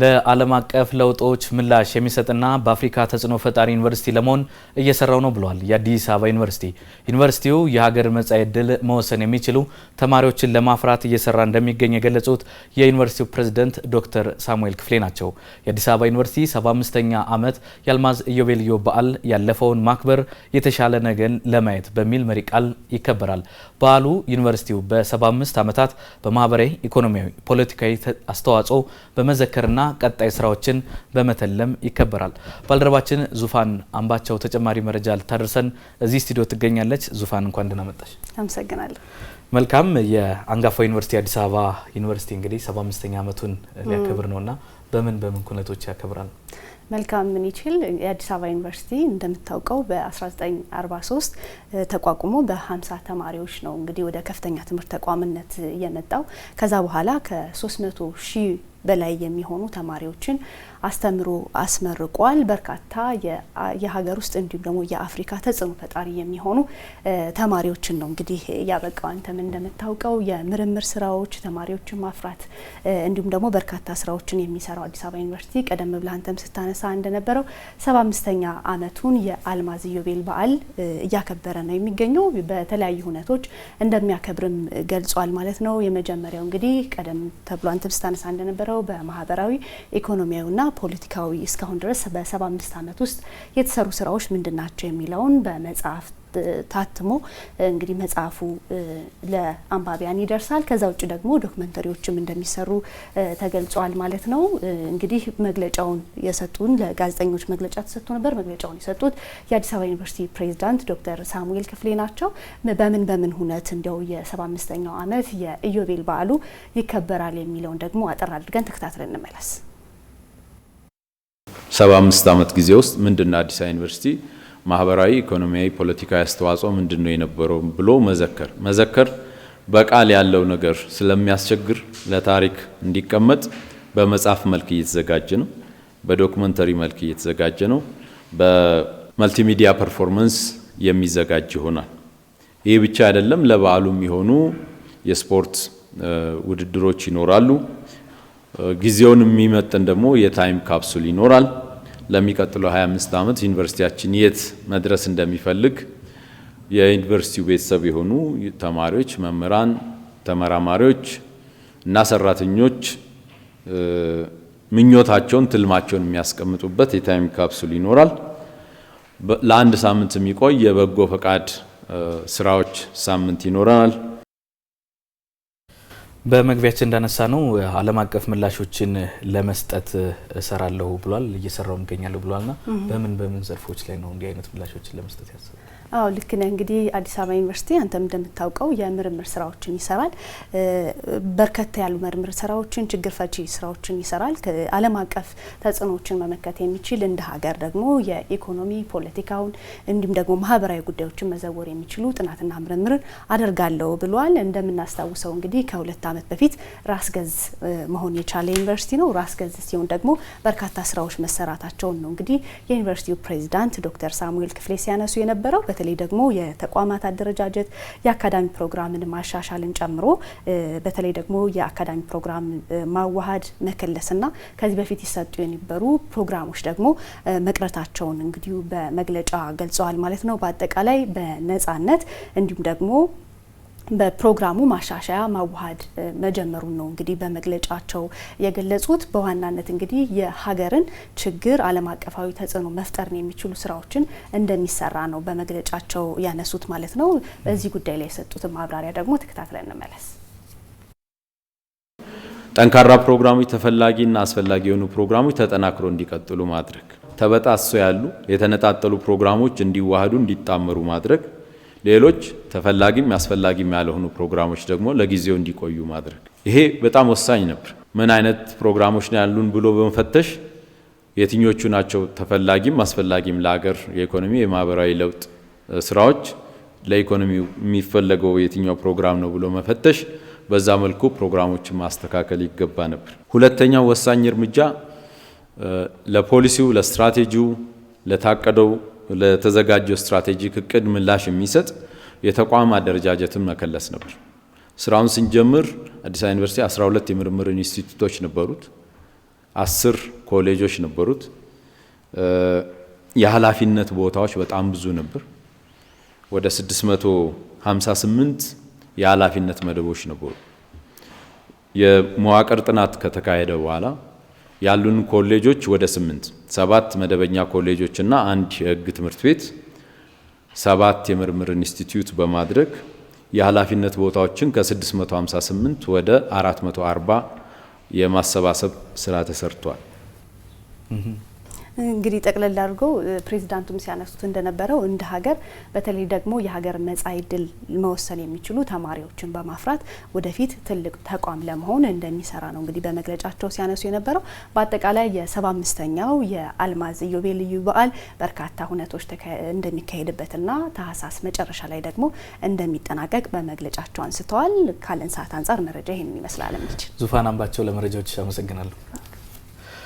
ለዓለም አቀፍ ለውጦች ምላሽ የሚሰጥና በአፍሪካ ተጽዕኖ ፈጣሪ ዩኒቨርሲቲ ለመሆን እየሰራው ነው ብሏል የአዲስ አበባ ዩኒቨርሲቲ። ዩኒቨርሲቲው የሀገር መጻኢ ዕድል መወሰን የሚችሉ ተማሪዎችን ለማፍራት እየሰራ እንደሚገኝ የገለጹት የዩኒቨርሲቲው ፕሬዚደንት ዶክተር ሳሙኤል ክፍሌ ናቸው። የአዲስ አበባ ዩኒቨርሲቲ 75ኛ ዓመት የአልማዝ ኢዮቤልዩ በዓል ያለፈውን ማክበር የተሻለ ነገን ለማየት በሚል መሪ ቃል ይከበራል። በዓሉ ዩኒቨርሲቲው በ75 ዓመታት በማህበራዊ ኢኮኖሚያዊ፣ ፖለቲካዊ አስተዋጽኦ በመዘከርና ና ቀጣይ ስራዎችን በመተለም ይከበራል። ባልደረባችን ዙፋን አምባቸው ተጨማሪ መረጃ ልታደርሰን እዚህ ስቱዲዮ ትገኛለች። ዙፋን እንኳን ደህና መጣሽ። አመሰግናለሁ። መልካም የአንጋፋ ዩኒቨርሲቲ አዲስ አበባ ዩኒቨርሲቲ እንግዲህ 75ኛ ዓመቱን ሊያከብር ነውና በምን በምን ኩነቶች ያከብራል? መልካም ምን ይችል የአዲስ አበባ ዩኒቨርሲቲ እንደምታውቀው በ1943 ተቋቁሞ በ50 ተማሪዎች ነው እንግዲህ ወደ ከፍተኛ ትምህርት ተቋምነት የመጣው። ከዛ በኋላ ከ300 ሺህ በላይ የሚሆኑ ተማሪዎችን አስተምሮ አስመርቋል። በርካታ የሀገር ውስጥ እንዲሁም ደግሞ የአፍሪካ ተጽዕኖ ፈጣሪ የሚሆኑ ተማሪዎችን ነው እንግዲህ ያበቃው። አንተም እንደምታውቀው የምርምር ስራዎች ተማሪዎችን ማፍራት እንዲሁም ደግሞ በርካታ ስራዎችን የሚሰራው አዲስ አበባ ዩኒቨርሲቲ ቀደም ብለህ አንተም ስታነሳ እንደነበረው ሰባ አምስተኛ አመቱን የአልማዝ ኢዮቤል በዓል እያከበረ ነው የሚገኘው። በተለያዩ ሁነቶች እንደሚያከብርም ገልጿል ማለት ነው። የመጀመሪያው እንግዲህ ቀደም ተብሎ አንተም ስታነሳ እንደነበረው የነበረው በማህበራዊ ኢኮኖሚያዊና ፖለቲካዊ እስካሁን ድረስ በ75 ዓመት ውስጥ የተሰሩ ስራዎች ምንድን ናቸው የሚለውን በመጽሐፍት ታትሞ እንግዲህ መጽሐፉ ለአንባቢያን ይደርሳል። ከዛ ውጭ ደግሞ ዶክመንተሪዎችም እንደሚሰሩ ተገልጿል ማለት ነው። እንግዲህ መግለጫውን የሰጡን ለጋዜጠኞች መግለጫ ተሰጥቶ ነበር። መግለጫውን የሰጡት የአዲስ አበባ ዩኒቨርሲቲ ፕሬዚዳንት ዶክተር ሳሙኤል ክፍሌ ናቸው። በምን በምን ሁነት እንዲያው የሰባ አምስተኛው ዓመት የኢዮቤል በዓሉ ይከበራል የሚለውን ደግሞ አጠር አድርገን ተከታትለን እንመለስ። ሰባ አምስት ዓመት ጊዜ ውስጥ ምንድን ነው አዲስ አበባ ዩኒቨርሲቲ ማህበራዊ፣ ኢኮኖሚያዊ፣ ፖለቲካዊ አስተዋጽኦ ምንድን ነው የነበረው ብሎ መዘከር መዘከር በቃል ያለው ነገር ስለሚያስቸግር ለታሪክ እንዲቀመጥ በመጽሐፍ መልክ እየተዘጋጀ ነው። በዶክመንተሪ መልክ እየተዘጋጀ ነው። በመልቲሚዲያ ፐርፎርመንስ የሚዘጋጅ ይሆናል። ይህ ብቻ አይደለም። ለበዓሉ የሚሆኑ የስፖርት ውድድሮች ይኖራሉ። ጊዜውን የሚመጥን ደግሞ የታይም ካፕሱል ይኖራል። ለሚቀጥለው 25 ዓመት ዩኒቨርሲቲያችን የት መድረስ እንደሚፈልግ የዩኒቨርሲቲው ቤተሰብ የሆኑ ተማሪዎች፣ መምህራን፣ ተመራማሪዎች እና ሰራተኞች ምኞታቸውን፣ ትልማቸውን የሚያስቀምጡበት የታይም ካፕሱል ይኖራል። ለአንድ ሳምንት የሚቆይ የበጎ ፈቃድ ስራዎች ሳምንት ይኖረናል። በመግቢያችን እንዳነሳ ነው ዓለም አቀፍ ምላሾችን ለመስጠት እሰራለሁ ብሏል፣ እየሰራው እገኛለሁ ብሏል። ና በምን በምን ዘርፎች ላይ ነው እንዲህ አይነት ምላሾችን ለመስጠት ያስባል? አዎ ልክ ነህ። እንግዲህ አዲስ አበባ ዩኒቨርሲቲ አንተም እንደምታውቀው የምርምር ስራዎችን ይሰራል። በርከታ ያሉ ምርምር ስራዎችን፣ ችግር ፈቺ ስራዎችን ይሰራል። ዓለም አቀፍ ተጽዕኖዎችን መመከት የሚችል እንደ ሀገር ደግሞ የኢኮኖሚ ፖለቲካውን፣ እንዲሁም ደግሞ ማህበራዊ ጉዳዮችን መዘወር የሚችሉ ጥናትና ምርምር አደርጋለሁ ብሏል። እንደምናስታውሰው እንግዲህ ከሁለት ዓመት በፊት ራስ ገዝ መሆን የቻለ ዩኒቨርሲቲ ነው። ራስ ገዝ ሲሆን ደግሞ በርካታ ስራዎች መሰራታቸውን ነው እንግዲህ የዩኒቨርሲቲው ፕሬዚዳንት ዶክተር ሳሙኤል ክፍሌ ሲያነሱ የነበረው በተለይ ደግሞ የተቋማት አደረጃጀት የአካዳሚ ፕሮግራምን ማሻሻልን ጨምሮ በተለይ ደግሞ የአካዳሚ ፕሮግራም ማዋሃድ መከለስና ከዚህ በፊት ይሰጡ የነበሩ ፕሮግራሞች ደግሞ መቅረታቸውን እንግዲሁ በመግለጫ ገልጸዋል ማለት ነው። በአጠቃላይ በነጻነት እንዲሁም ደግሞ በፕሮግራሙ ማሻሻያ ማዋሃድ መጀመሩን ነው እንግዲህ በመግለጫቸው የገለጹት። በዋናነት እንግዲህ የሀገርን ችግር ዓለም አቀፋዊ ተጽዕኖ መፍጠርን የሚችሉ ስራዎችን እንደሚሰራ ነው በመግለጫቸው ያነሱት ማለት ነው። በዚህ ጉዳይ ላይ የሰጡትን ማብራሪያ ደግሞ ተከታትለን እንመለስ። ጠንካራ ፕሮግራሞች ተፈላጊና አስፈላጊ የሆኑ ፕሮግራሞች ተጠናክሮ እንዲቀጥሉ ማድረግ፣ ተበጣሶ ያሉ የተነጣጠሉ ፕሮግራሞች እንዲዋህዱ እንዲጣመሩ ማድረግ ሌሎች ተፈላጊም አስፈላጊም ያልሆኑ ፕሮግራሞች ደግሞ ለጊዜው እንዲቆዩ ማድረግ። ይሄ በጣም ወሳኝ ነበር። ምን አይነት ፕሮግራሞች ነው ያሉን ብሎ በመፈተሽ የትኞቹ ናቸው ተፈላጊም አስፈላጊም ለሀገር የኢኮኖሚ የማህበራዊ ለውጥ ስራዎች ለኢኮኖሚ የሚፈለገው የትኛው ፕሮግራም ነው ብሎ መፈተሽ፣ በዛ መልኩ ፕሮግራሞችን ማስተካከል ይገባ ነበር። ሁለተኛው ወሳኝ እርምጃ ለፖሊሲው፣ ለስትራቴጂው፣ ለታቀደው ለተዘጋጀው ስትራቴጂክ እቅድ ምላሽ የሚሰጥ የተቋም አደረጃጀትን መከለስ ነበር። ስራውን ስንጀምር አዲስ አበባ ዩኒቨርሲቲ 12 የምርምር ኢንስቲትዩቶች ነበሩት፣ አስር ኮሌጆች ነበሩት። የኃላፊነት ቦታዎች በጣም ብዙ ነበር። ወደ 658 የኃላፊነት መደቦች ነበሩ። የመዋቅር ጥናት ከተካሄደ በኋላ ያሉን ኮሌጆች ወደ ስምንት ሰባት መደበኛ ኮሌጆች እና አንድ የህግ ትምህርት ቤት ሰባት የምርምር ኢንስቲትዩት በማድረግ የኃላፊነት ቦታዎችን ከ658 ወደ 440 የማሰባሰብ ስራ ተሰርቷል። እንግዲህ ጠቅለል አድርገው ፕሬዚዳንቱም ሲያነሱት እንደነበረው እንደ ሀገር በተለይ ደግሞ የሀገር መጻኢ ዕድል መወሰን የሚችሉ ተማሪዎችን በማፍራት ወደፊት ትልቅ ተቋም ለመሆን እንደሚሰራ ነው እንግዲህ በመግለጫቸው ሲያነሱ የነበረው። በአጠቃላይ የሰባ አምስተኛው የአልማዝ ኢዮቤልዩ በዓል በርካታ ሁነቶች እንደሚካሄድበትና ታህሳስ መጨረሻ ላይ ደግሞ እንደሚጠናቀቅ በመግለጫቸው አንስተዋል። ካለን ሰዓት አንጻር መረጃ ይህን ይመስላል። የሚችል ዙፋን አምባቸው ለመረጃዎች አመሰግናለሁ።